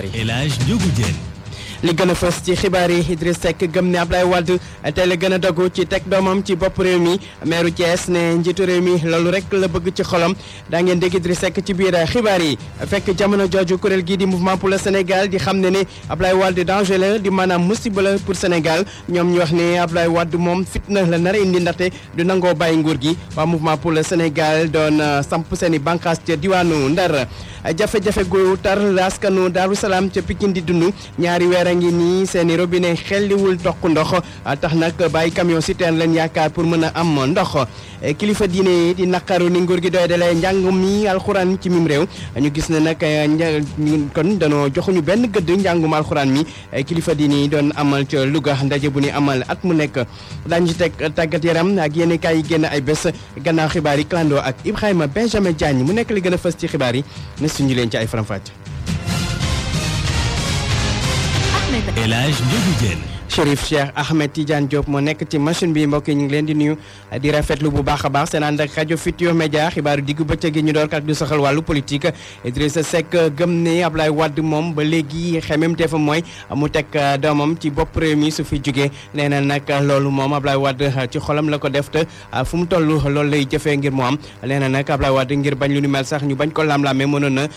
xibaar yi El Hadj Ndiogou Diène li gën a fës ci xibaar yi Idriss sekk gëm ne Ablaye Wade tey la gën a dogu ci teg doomam ci bopp réew mi meeru Thiès ne njiitu réew mi loolu rek la bëgg ci xolam daa ngeen dégg Idriss Seck ci biir xibaar yi fekk jamono jooju kuréel gii di mouvement pour le Sénégal di xam ne ne ab lay danger la di maanaam musiba la pour Sénégal ñoom ñu wax ne Ablaye Wade moom fitna la nar a indi ndaxte du nangoo bàyyi nguur gi waa mouvement pour la Sénégal doon euh, samp seen i bànqaas ca diwaanu Ndar jafe-jafe gu tar la askanu Daaru Salaam ca Pikine di dund ñaari weer a ngi nii seeni robine xelliwul tokk ndox tax nag bàyyi si citerne lañ yaakaar pour mën a am ndox eh, kilifa diine di naqaru ni nguur gi doy dalee njàng mi alxuraan ci mim réew ñu gis ne nag eh, kon danoo joxuñu benn gëdd njàngum alxuraan mi eh, kilifa diine yi doon amal ca Louga ndaje bu ni amal at mu nekk daañu ci teg tàggat yaram ak yéen kaay yi génn ay bés gannaaw xibaar yi clando ak Ibrahima Benjamin Diagne mu nekk li gën fës ci xibaar yi ne suñu leen ci ay faram El Age de Google. Chérif Cheikh Ahmed Tidiane Diop moo nekk ci machine bi mbokk yi ñu ngi leen di nuyu di rafetlu bu baax a baax seen ànd ak rajo Futurs Médias xibaaru diggu bëccëg gi ñu door ak du soxal wàllu politique Idrissa Seck gëm ne Ablaye Wade moom ba léegi xememte fa mooy mu teg euh, doomam ci bopp réew su fi jugee nee na loolu moom Ablaye Wade euh, ci xolam la ko def te euh, fu mu lay jëfee ngir mu am nee na nag Ablaye Wade ngir bañ lu ni mel sax ñu bañ ko lam-laamee mënoon na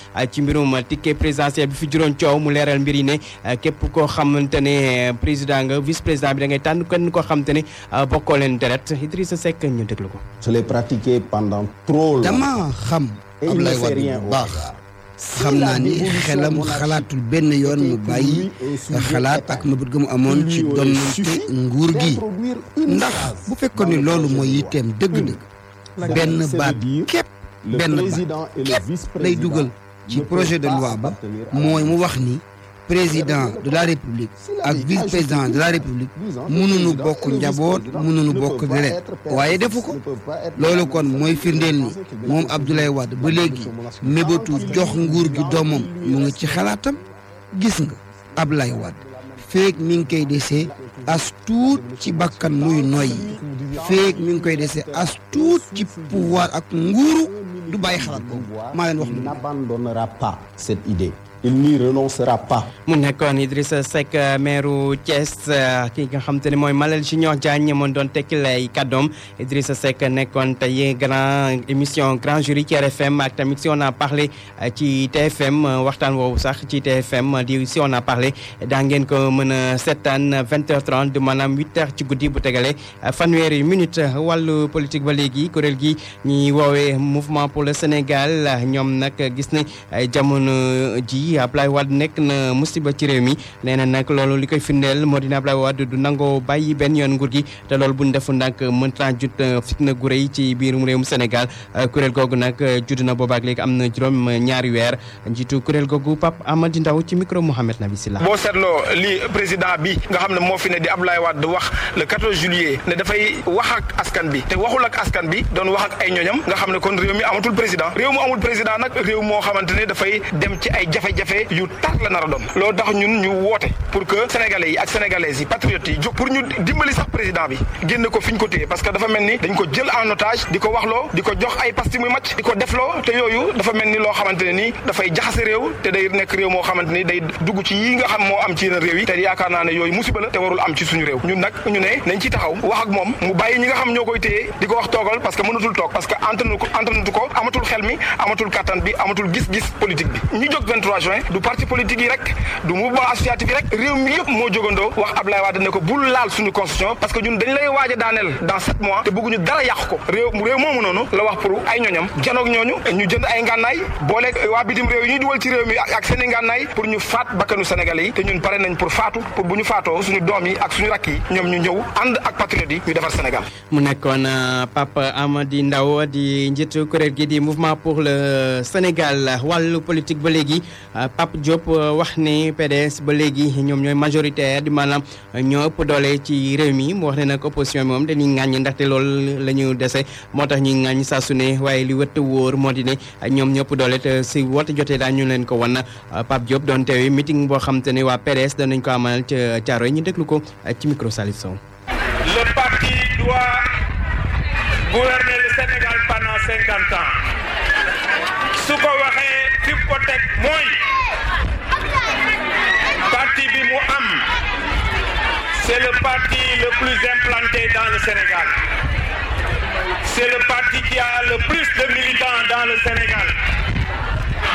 nga vice président bi da ngay tànn kenn koo xam te ne euh, bokkoo leen deret Idrissa Seck ñu déglu ko. je l'ai pratiqué pendant trop longtemps. xam Ablaye Wade bu baax. xam naa ni xelam xalaatul benn yoon mu bàyyi xalaat ak mëbët ga mu amoon ci donnante nguur gi ndax bu fekkoon ni loolu mooy yitteem dëgg-dëgg benn baat képp benn baat képp lay dugal ci projet de loi ba mooy mu wax ni président de la république ak vice président de la république mënuñu bokk njaboot mënuñu bokk deret waaye defu ko loolu kon mooy firndeel ni moom Abdoulaye Wade ba léegi mébétu jox nguur gi doomam mu ngi ci xalaatam gis nga Abdoulaye Wade mi ngi koy desee as ci bakkan muy noyyi feek mi ngi koy desee as tuut ci pouvoir ak nguuru du bàyyi xalaat boobu maa leen wax n'abandonnera pas cette idée il n'y renoncera pas. mu nekkoon Idrissa Seck euh, maire Thiès euh, ki nga xam te ne mooy Malal Junior Diagne moom doon tekki lay kàddoom Idrissa Seck nekkoon tey grand émission grand jury ci RFM ak tamit si on a parlé euh, ci TFM waxtaan woowu sax ci TFM di si on a parlé daa ngeen ko mën a seetaan vingt heures maanaam huit heures ci guddi bu tegale fanweeri minute wàllu politique ba léegi kuréel gi ñuy woowee mouvement pour le Sénégal ñoom nag gis ne jamono ji. gi Ablaye Wade nekk na musiba ci réew mi nee na nag loolu li koy firndeel moo dina Ablaye Wade du nangoo bàyyi benn yoon nguur gi te loolu bu ñu defoon mënta jut euh, fitna gu ci biirum euh, euh, na boobaak léegi am na juróom bi nga xam ne moo fi ne di Ablaye Wade wax le 14 juillet ne dafay wax bi te waxul ak askan bi doon wax ak ay ñoñam nga xam ne kon réew mi amatul président mu amul président nag réew moo xamante dafay dem ci ay jafe jafe-jafe yu tar la nar a doon loolu tax ñun ñu woote pour que sénégalais yi ak sénégalaises yi patriotes yi pour ñu dimbali sax président bi génn ko fi ko téye parce que dafa mel ni loo xamante nii dafay jaxase réew te day nekk réew moo xamante ni day dugg ci yi nga xam moo am ci yeneen réew yi te yaakaar naa ne yooyu musiba la te warul am ci suñu réew ñun nag ñu ne nañ ci taxaw wax ak moom mu bàyyi ñi nga xam ñoo koy téye di ko wax toogal parce que mënatul toog parce que citoyen du parti politique yi rek du mouvement associatif yi rek réew mi yëpp moo jógandoo wax Ablaye Wade ne ko bul laal suñu constitution parce que ñun lay waaj a daaneel dans sept mois te bëgguñu dara yàq ko réew moomu noonu la wax pour ay ñoñam janoog ñooñu ñu jënd ay ngànnaay booleeg waa bitim réew yi ñuy dugal ci réew mi ak seen i ngànnaay pour ñu faat bakkanu Sénégalais yi te ñun pare nañ pour faatu pour bu ñu faatoo suñu doom yi ak suñu rakk yi ñoom ñu ñëw ànd ak patriotes yi ñu defar Sénégal mu euh, ba léegi Euh, Pape Diop euh, wax ne PDS ba léegi ñoom ñooy majoritaire di maanaam ñoo ëpp doole ci réew mi mu wax ne nag opposition bi moom dañuy ŋàññi ndaxte loolu la ñu dese moo tax ñuy ŋàññ saa su ne waaye li wëtt wóor moo di ne ñoom ñoo ëpp doole te si woote jotee daal ñu leen ko wan euh, Pape Diop doon teewi meeting boo xam te ne waa PDS danañ ko amal ca Thiaroye ñu déglu ko ci micro Salif Sow. Le parti doit gouverner Sénégal pendant su ko waxee. fi ko teg mooy parti bi mu am c'est le parti le plus implanté dans le Sénégal c'est le parti qui a le plus de militants dans le Sénégal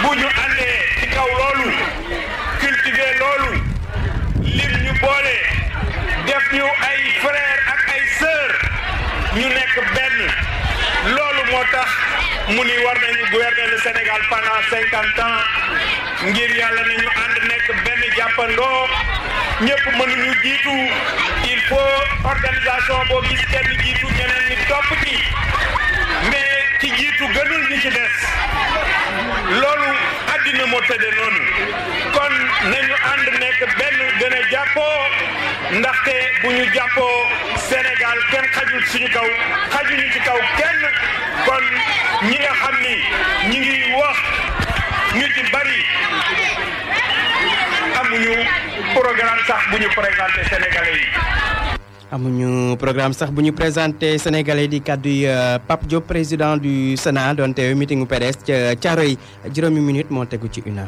bu ñu àndee ci kaw loolu cultiver loolu lim ñu boole def ñu ay frères ak ay sœurs ñu nekk benn. moo tax mu ni war nañu gouverner le Sénégal pendant cinquante ans ngir yàlla nañu ànd nekk benn jàppandoo ñëpp mënuñu jiitu il faut organisation boo gis kenn jiitu ñeneen ñi topp ci mais ci jiitu gënul ñi ci des loolu àddina moo tëdde noonu kon nañu ànd nekk benn gën kon ñi nga xam ni ñi ngi wax ñu ci bari amuñu programme sax bu ñu présenté Sénégalais yi. amuñu programme sax bu ñu présenté sénégalais di kàddu euh, Pape Diop président du Sénat donte meetingu PDS ca Thiaroye juróomi minute moo tegu ci une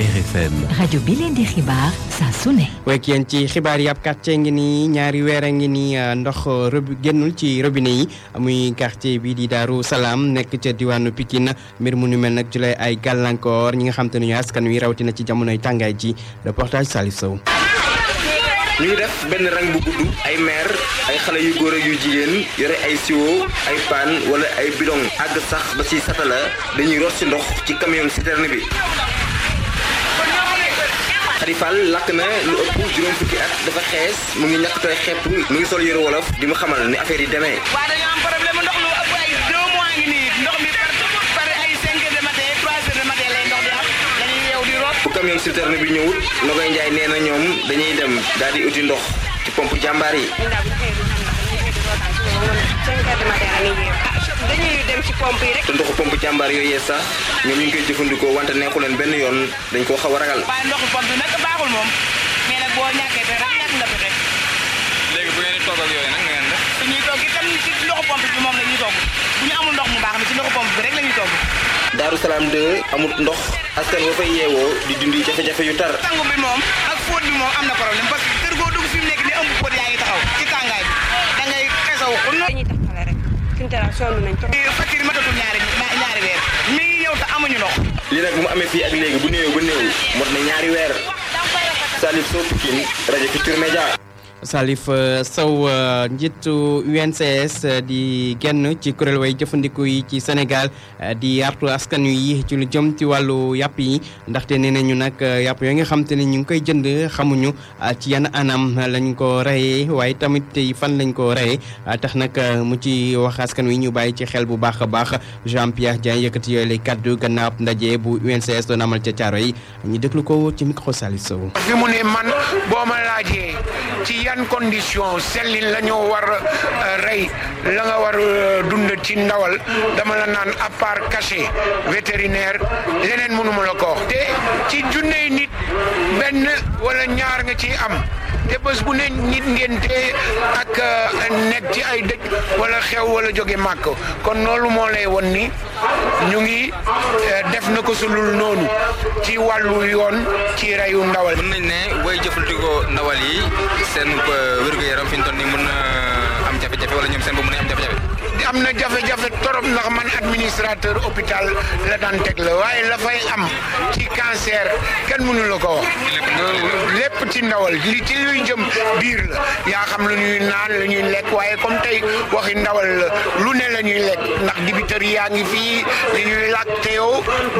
RFM rajo bi leen di xibaar saa su ne. week ci xibaar yi ab quartier ngi nii ñaari weer a ngi nii euh, ndox euh, robi génnul ci robine yi muy quartier bii di Daaru Salaam nekk ca diwaanu Pikine mbir mu nu mel nag julay ay gàllankoor ñi nga xam te ne wi rawatina ci jamonoy tàngaay ji reportage Salif Sow. ñu def benn rang bu gudd ay maire ay xale yu góor ak yu jigéen yore ay siwo ay paan wala ay bidon àgg sax ba ci satala dañuy root si ndox ci camion citerne bi. Khady Fall lakk na lu ëpp juróom fukki at dafa xees mu ngi ñàkk tooy xepp mu ngi sol yëre wolof di mu xamal ni affaire yi demee. waaw dañoo am problème ndox lu ëpp ay deux de matin trois de matin lay ndox di am dañuy yeew di root. bu camion citerne bi ñëwut Nogoy Ndiaye nee na ñoom dañuy dem daal di uti ndox ci pompe jàmbaar yi. dañuy dem ci pompe yi rek. te ndoxu pompe jàmbaar yooyu yee sax ñoom ñu ngi jëfandikoo wante neexu leen benn yoon dañ ko xaw a ragal. waaye ndoxu pompe nag baaxul nag bu ngeen di togg ak yooyu nag ngeen moom la bu ñu amul ndox mu baax mi ci ndoxu pompe bi rek la ñuy togg. Daaru Salaam ndox askan wa fay yeewoo di dindi jafe-jafe yu tar. sangu bi moom ak fóot bi moom am na problème parce que kër goo dugg fi mu ni ëmb fóot yaa ngi taxaw ci tàngaay bi da ngay xesaw xamante ne sonn nañ trop. facture yi matatul ñaari ñaari weer mi ngi ñëw te amuñu ndox. lii nag bu mu amee fii ak léegi bu néew ba néew mot na ñaari weer Salif Sow Pikine rajo Futurs Médias Salif euh, saw euh, njiitu UNCS euh, di genn ci kuréel way jëfandiku yi ci senegal di artu askan yi ci lu jëm ci wàllu yàpp yi ndaxte nee nañu nag yàpp yooyu nga xam ne ñu ngi koy jënd xamuñu ci yan anam lañ ko reyee waaye tamit tey fan lañ ko reyee tax nag mu ci wax askan wi ñu bàyyi ci xel bu baax a baax Jean Pierre Dieng yëkkati yooyu lay kaddu gannaaw ndaje bu UNCS doon amal ca caaro yi ñu déglu ko ci micro Salif Sow. fi mu ne man boo ci yan condition sellin la ñoo war rey la nga war dund ci ndawal dama la naan à part cachet vétérinaire leneen mënuma la ko te ci junne nit benn wala ñaar nga ci am te bés bu ne nit ngénte ak eh, nekk ci ay dëj wala xew wala jóge màkk kon loolu moo lay won ni ñu ngi eh, def na ko sulul noonu ci wàllu yoon ci reyu ndawal. mën nañ ne way jëfandikoo ndawal yi seen eh, wér-gu-yaram fi ñu toll nii mën na am jafe-jafe wala ñoom seen bopp mën nañ am jafe-jafe. am na jafe-jafe torop ndax man administrateur hôpital la daan teg la waaye la fay am ci cancer kenn mënula la ko wax lépp ci ndawal li ci luy jëm biir la yaa xam lu ñuy naan lu ñuy lekk waaye comme tey waxi ndawal la lu ne la lekk ndax dibitër yaa ngi fii li ñuy lakk te yow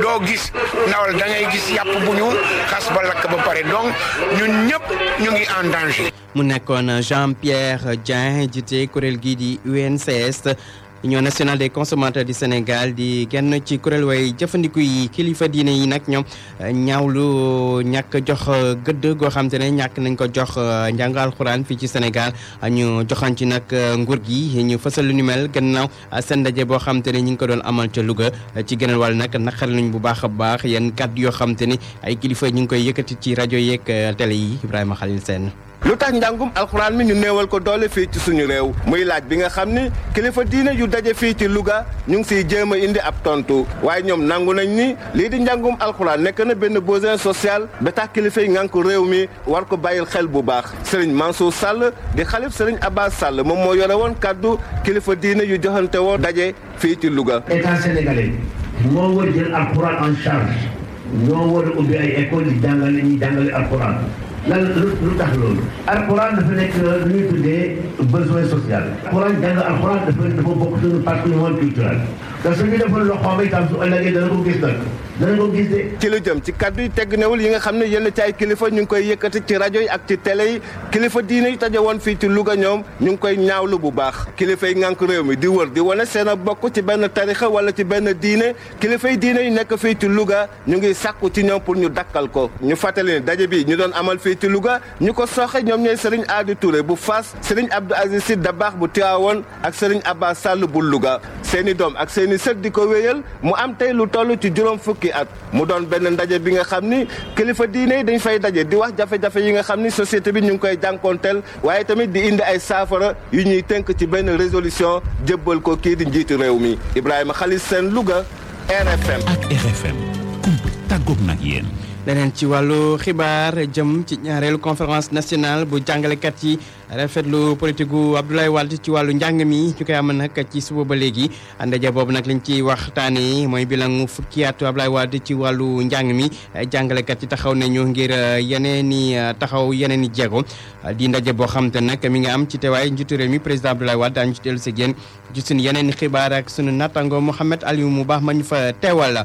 doo gis ndawal dangay gis yàpp bu ñu xas ba lakk ba pare donc ñun ñëpp ñu ngi en mu nekkoon Jean Pierre Dieng jiite kuréel gii di UNCS. Union nationale des consommateurs di Sénégal di genn ci kuréel way jëfandiku yi kilifa diine yi nag ñoom eh, ñaawlu ñàkk jox eh, gëdd goo xam te ne ñàkk nañ ko jox eh, njàng alxuraan fii ci Sénégal ñu joxan ci nag nguur gi ñu fësal lu ni mel gannaaw seen ndaje boo xam te ne ñi ngi ko doon amal ca Louga ci geneen wàll nag naqar nañ bu baax a baax yenn kàddu yoo xam ni ay kilifa ñu ngi koy yëkkati ci rajo yeeg tele yi Ibrahima Khalil Sène lu tax njàngum alxuraan mi ñu néewal ko doole fii ci suñu réew muy laaj bi nga xam ni kilifa diine yu daje fii ci Louga ñu ngi siy jéem a indi ab tontu waaye ñoom nangu nañ ni lii di njàngum alxuraan nekk na benn besoin social ba tax kilifa yi ngànk réew mi war ko bàyyil xel bu baax sëriñ Mansour sàll di xalif sëriñ Abbas sàll moom moo yore woon kàddu kilifa diine yu joxante woo daje fii ci Louga. état sénégalais moo war jël alxuraan en charge ñoo war a ubbi lan lu tax loolu. alxuraan dafa nekk lu ñuy tuddee besoin social. alxuraan jàng alxuraan dafa dafa bokk suñu patrimoine culturel. te suñu defoon loxoom itam su ëllëgee dana ko gis nag. danañ ko ci lu jëm ci kaddu yi tegg newul yi nga xam ne yenn ci ay kilifa ñu ngi koy yëkkati ci rajo yi ak ci télé yi kilifa diine yi taje woon fii ci Louga ñoom ñu ngi koy ñaawlu bu baax kilifa yi ngànk réew mi di wër di wane seen a bokk ci benn tarixa wala ci benn diine kilifa yi diine yi nekk fii ci Louga ñu ngi sàkku ci ñoom pour ñu dakkal ko ñu fàttali ne daje bi ñu doon amal fii ci Louga ñu ko soxe ñoom ñooy Serigne Adi Touré bu Fass Serigne Abdou Aziz Sy Dabakh bu Tivaouane ak Serigne Abba Sall Louga seen i doom ak seen i sët di ko wéyal mu am tey lu toll ci juróom fukki at mu doon benn ndaje bi nga xam ni kilifa diine dañu fay daje di wax jafe-jafe yi nga xam ni société bi ñu ngi koy jànkoonteel waaye tamit di indi ay saafara yu ñuy tënk ci benn résolution jëbbal ko kii di njiitu réew mi Ibrahima Xalis seen Louga RFM. ak RFM kump tàggoog nag yéen. leneen ci wàllu xibaar jëm ci ñaareelu conférence nationale bu jàngalekat yi. rafetlu politique gu Abdoulaye Wade ci wàllu njàng mi ñu koy amal nag ci suba ba léegi ndaje boobu nag liñ ci waxtaanee mooy mu fukki at Abdoulaye Wade ci wàllu njàng mi jàngalekat yi taxaw nañu ngir uh, yeneen i uh, taxaw yeneen i jéego di ndaje boo xam te nag mi nga am ci teewaay njiitu réew mi président Abdoulaye Wade daañu ci dellu si yéen ci suñu yeneen xibaar ak sunu nattango Mouhamed Aliou mu baax ma ñu fa teewal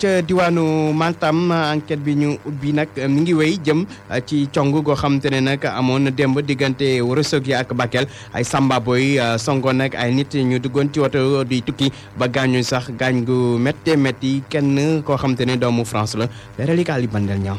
ca diwaanu Matam enquête bi ñu ubbi nag mi ngi wéy jëm uh, ci cong goo xam ne nag amoon démb diggante. Ourossogui ak Bakel ay Samba Boy euh, songoon nag ay nit ñu duggoon ci woto di tukki ba gaañu sax gaañ gu méttee métti kenn koo xam te ne doomu France la leerali kaali bandel ñaaw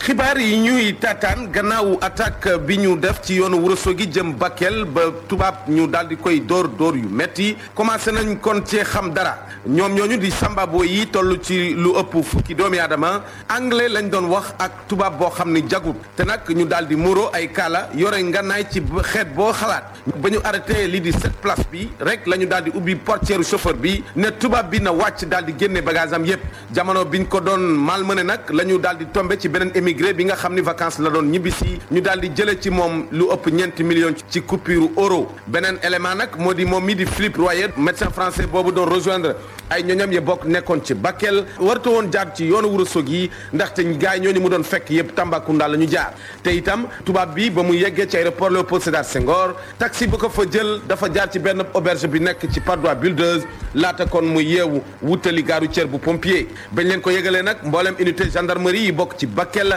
xibaar yi ñuy taataan gannaaw attaque bi ñu def ci yoonu Ourossogui jëm Bakel ba tubaab ñu daal di koy dóor dóor yu metti commencé nañ kon ci xam dara ñoom ñooñu di Samba yi toll ci lu ëpp fukki doomi aadama anglais lañ doon wax ak tubaab boo xam ni jagut te nag ñu daal di muro ay kaala yore ngannaay ci xeet boo xalaat ba ñu arrêté lii di cette place bi rek la ñu daal di ubbi portière chauffeur bi ne tubaab bi na wàcc daal di génne bagage am yépp jamono biñ ko doon malmené nag la ñu daal di tombé ci beneen émigré bi nga xam ni vacances la doon ñibbisi ñu daal di jële ci moom lu ëpp ñeenti millions ci coupure euro beneen élément nag moo di moom mi di Philippe Royer médecin français boobu doon rejoindre ay ñoñam ya bokk nekkoon ci Bakel warta woon jaar ci yoonu Ourossogui yi ndaxte gaay ñooñu mu doon fekk yëpp Tambacounda la ñu jaar te itam tubaab bi ba mu yeggee ci aéroport Léopold Sédar Senghor taxi bu ko fa jël dafa jaar ci benn auberge bi nekk ci Patte d'Oie Buldeuse laata kon mu yeewu wutali gaaru cër bu pompier bañ leen ko yëgalee nag mboolem unité gendarmerie yi bokk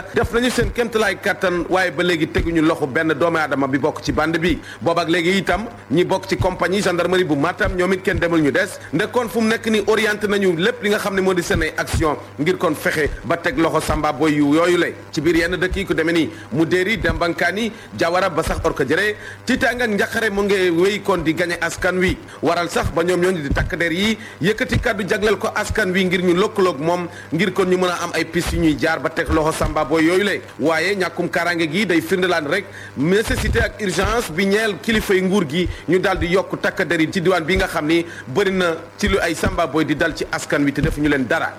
la def nañu seen kéemtalaay kattan waaye ba léegi teguñu loxo benn doomu aadama bi bokk ci band bi boobaak léegi itam ñi bokk ci compagnie gendarmerie bu Matam ñoom it kenn demul ñu des ndekoon fu mu nekk ni orienté nañu lépp li nga xam ne moo di seen ay action ngir kon fexe ba teg loxo Samba Boy yu yooyu le ci biir yenn dëkk yi ku demee ni mu déeri Dembankaani Jawara ba sax orka jëre tiitaang ak njaqare mu ngi wéy kon di gañe askan wi waral sax ba ñoom ñooñu di takk der yi yëkkati kaddu jagleel ko askan wi ngir ñu lëkkaloog moom ngir kon ñu mën a am ay piste yu ñuy jaar ba teg loxo Samba booy yooyu le waaye ñàkkum kaaraange gi day firndelaan rek nécessité ak urgence bi ñeel kilifay nguur gi ñu daal di yokk takk yi ci diwaan bi nga xam ni bëri na ci lu ay samba di dal ci askan wi te defuñu leen dara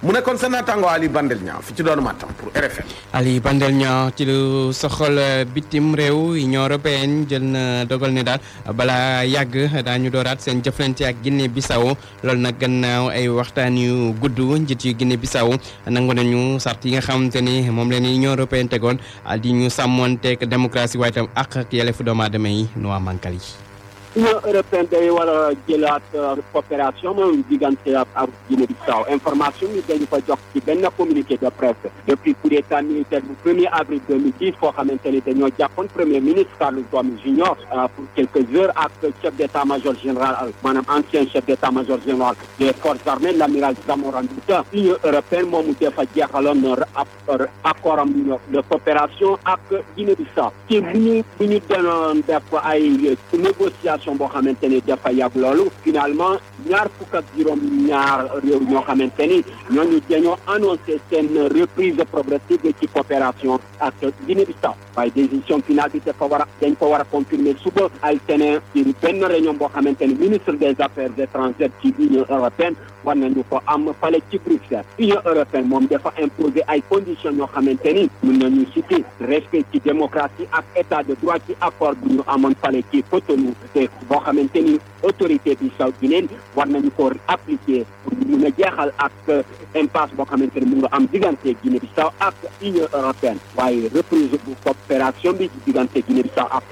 mu nekkoon sa naataango Aliou Bandel Niang fi ci doonu Matam pour RFM. Aliou Bandel Niang ci lu soxal euh, bitim réew Union européenne jël na dogal ne daal balaa yàgg daañu dooraat seen jëflante ak Guinée Bissau loolu nag gannaaw ay waxtaan yu gudd njit yu Guinée Bissau nangu nañu sart yi nga xamante ni moom leen ñoo européenne tegoon di ñu sàmmoonteeg démocratie waaye itam àq ak yelleefu doomu aadama yi Noa Mankali. Union européenne day war a jëlaat euh, coopération moom diggante ak Guinée Bissau information bi dañu ko jox ci benn communiqué de presse depuis coup d'état militaire bu premier avril 2010 foo xamante ni dañoo jàppoon premier ministre Carlos Gomes Junior euh, pour quelques heures ak chef d'état-major général maanaam ancien chef d'état-major général des forces armées l'amiral Zamoran Douta Union européenne moomu dafa jeexaloon euh, de coopération ak Guinée Bissau ci bu ñu bu ñu denoon def ay négociation situation boo xamante ni dafa yàgg loolu finalement ñaar fukk ak juróom ñaar réew ñoo xamante ni ñooñu dañoo annoncé seen reprise progressive ci coopération ak Guinée-Bissau waaye décision finale bi dafa war a dañ ko war a suba altene ci benn réunion boo xamante ne ministre des affaires étrangères ci union européenne war nañu ko am fale ci Bruxelles union européenne moom dafa imposer ay conditions ñoo xamante ni mën nañu citer respect ci démocratie ak état de droit ci accord bu ñu amoon fale ci Cotonou te boo xamante ni autorité bi saw guinéen war nañu ko appliquer pour mun a jeexal ak euh, impasse boo xamante ne mu nga am diggante Guinée Bissau ak Union européenne waaye reprise bu coopération bi diggante Guinée Bissau ak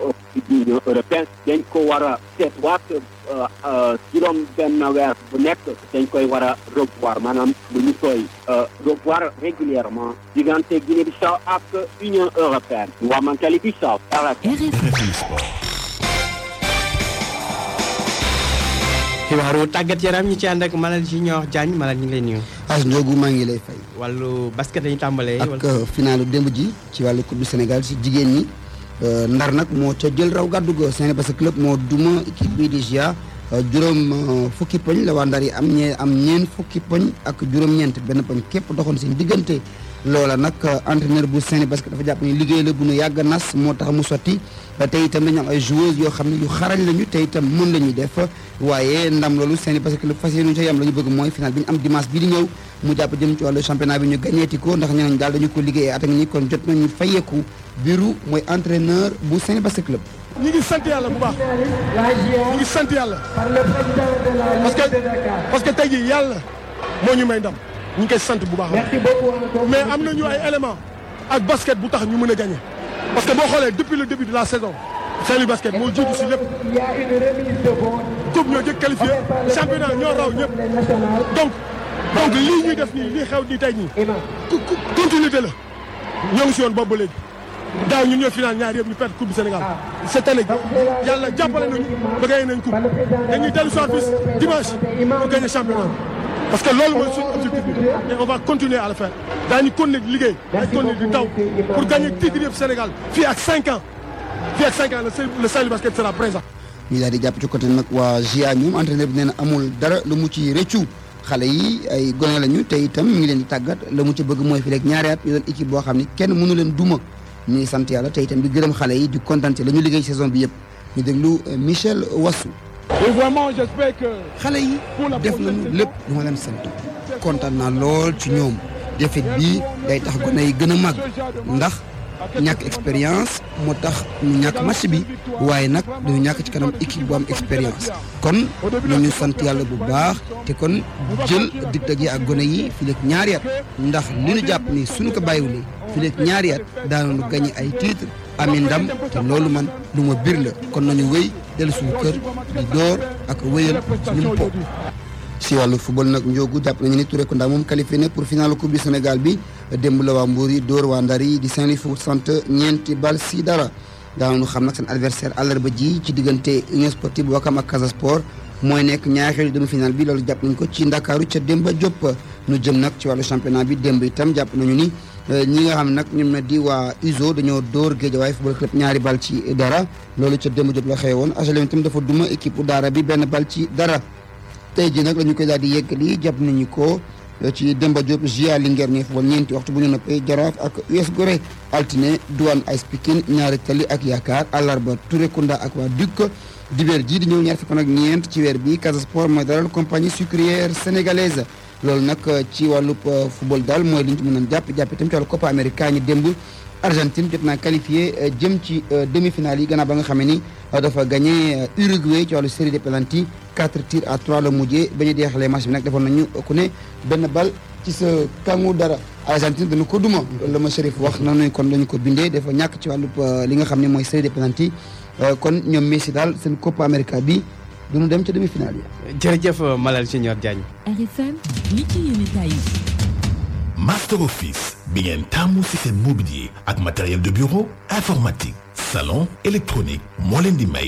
Union européenne dañ ko war a seetwaat euh, euh, juróom benn weer bu nekk dañ koy war a revoir maanaam lu ñu koy revoir régulièrement diggante Guinée Bissau ak Union européenne waa Mankali Bissau waaru tàggat yaram ñi ci ànd ak Malal Junior Diagne Malal ñu ngi lay nuyu. as Ndiogu maa ngi lay fay. wàllu basket dañu tàmbalee. ak euh, finalu démb ji ci wàllu coupe du Sénégal si jigéen ñi euh, ndar nag moo ca jël raw gàddu go Sénégal parce que club moo duma équipe bii di GIA euh, juróom fukki poñ la waa ndar yi am ñee am ñeen fukki poñ ak juróom-ñeent benn poñ képp doxoon seen diggante. loola nag euh, entraîneur bu Saint-Louis basket dafa jàpp ni liggéey la bu nu yàgg nas moo tax mu sotti euh, tey itam dañu am ay joueuses yoo xam ne yu xarañ lañu tey itam mën la ñuy def waaye ndam loolu Saint-Louis parce que lu fas yéene ñu ca yam la ñu bëgg mooy final am dimanche bii di ñëw mu jàpp jëm ci wàllu championnat bi a ngi nii kon jot nañu fayeeku biiru mooy entraîneur bu Saint-Louis basket club. ñu ngi sant yàlla bu baax ñu ngi sant yàlla parce que parce que tey yàlla moo ñu may ndam ñu ngi koy sant bu baax mais am nañu ay éléments ak basket bu tax ñu mën a gagné parce que boo xoolee depuis le début de la saison Saint-Louis basket moo jiitu si lépp coupe ñoo jëkk qualifié championnat ñoo raw ñëpp donc donc lii ñuy tey ñii continuité la ñoo ngi si yoon boobu ba léegi ñaar yëpp ñu perte coupe du Sénégal ah. cette année yàlla jàppale nañu ba gagné nañ coupe dañuy dellu soir bis dimanche ñu gagné championnat parce que loolu mooy suñu objectif bi et on va continuer à le faire daañu continuer di yëpp Sénégal fii ak 5 ans fii ak 5 ans le saint basket sera présent. ñu daal di jàpp ci côté nag waa GIA ñoom entraîneur bi nee na amul dara lu mu ci rëccu xale yi ay gone lañu te itam ñu ngi leen di tàggat lu mu ci bëgg mooy fi rek ñaari at ñu doon équipe boo xam ni kenn mënu leen duma ñu ngi sant yàlla te itam di gërëm xale yi di kontaan la ñu liggéey saison bi yëpp ñu déglu Michel Wassou. xale yi def nañu lépp lu ma leen sant kontaan naa lool ci ñoom defet bi day tax gone yi gën a màgg ndax. ñàkk expérience moo tax ñu ñàkk match bi waaye nag dañu ñàkk ci kanam équipe bu am expérience kon nañu sant yàlla bu baax te kon jël diktak yi ak gone yi fi leeg ndax li ñu jàpp ni suñu ko bàyyiwulee fi leeg ñaari at daanoonu gagné ay titre ami ndam te loolu man lu ma bir la kon nañu wéy dellu suñu kër di door ak wéyal suñu po si wàllu football nag njoogu jàpp nañu ni Touré Kunda moom qualifié na pour finalu coupe du Sénégal bi démb la waa Mbour yi dóor waa Ndar yi di Saint-Louis fu sant ñeenti bal si dara daanu xam nag seen adversaire àllarba ji ci diggante Union Sportive bu Wakam ak Casa Sport mooy nekk ñaareelu demi-finale bi loolu jàpp nañ ko ci Ndakaaru ca Demba Diop nu jëm nag ci wàllu championnat bi démb itam jàpp nañu ni eh, ñi nga xam nag ñoom na di waa USO dañoo dóor Guédiawaye football club ñaari bal ci dara loolu ca Demba Diop la xew woon HLM itam dafa duma équipe u daara bi benn bal ci dara tey ji nag la ñu koy daal di yeggali jàpp nañu ko ci Demba Diop GIA Linguère ñooy fubal ñeenti waxtu bu ñu noppee Jaraaf ak US Gorée altine Douane AS Pikine ñaari tali ak yaakaar àllarba Touré Kunda ak waa DUC dibéer ji di ñëw ñaar fukk ak ñeent ci weer bi Casa Sport mooy dalal compagnie sucrière sénégalaise loolu nag ci wàllub euh, football daal mooy li ñu ci mën a jàpp jàpp itam ci wàllu Copa América ñi Argentine jot naa qualifié euh, jëm ci euh, demi-finale yi gannaaw ba nga xam ni euh, dafa gagné Uruguay ci wàllu série de penalty 4 tirs à 3 la mujjee ba ñu jeexalee match bi nag defoon nañu ku ne benn bal ci sa kàngu dara Argentine dañu ko duma. la ma Chérif wax nañu kon lañu ko bindee dafa ñàkk ci wàllu li nga xam ne mooy série de penalty kon ñoom Messi daal seen Copa America bi du ñu dem ca demi-finale yi. jërëjëf Malal Junior Diagne. RFM a Master Office. bi ngeen taamu ci seen mobilier ak matériel de bureau informatique salon électronique moo leen di may